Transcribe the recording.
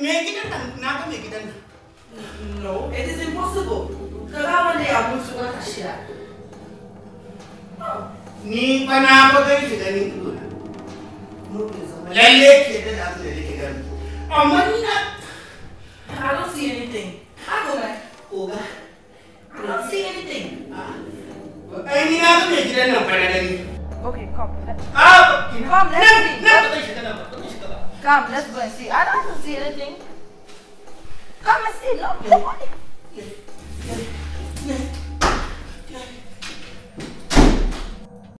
me na no it is impossible ka wanda ya mutu wata shida ni fa na fa ga shi da ni ido lalle ke da da da ke gani amma ni na I don't see anything. I go back. Oga. I don't see anything. Ai ni na ga me gidan nan fa gani. Okay, come. Ah, come, let's see. Come, let's go and see. I don't see anything. Come and see. Look, look.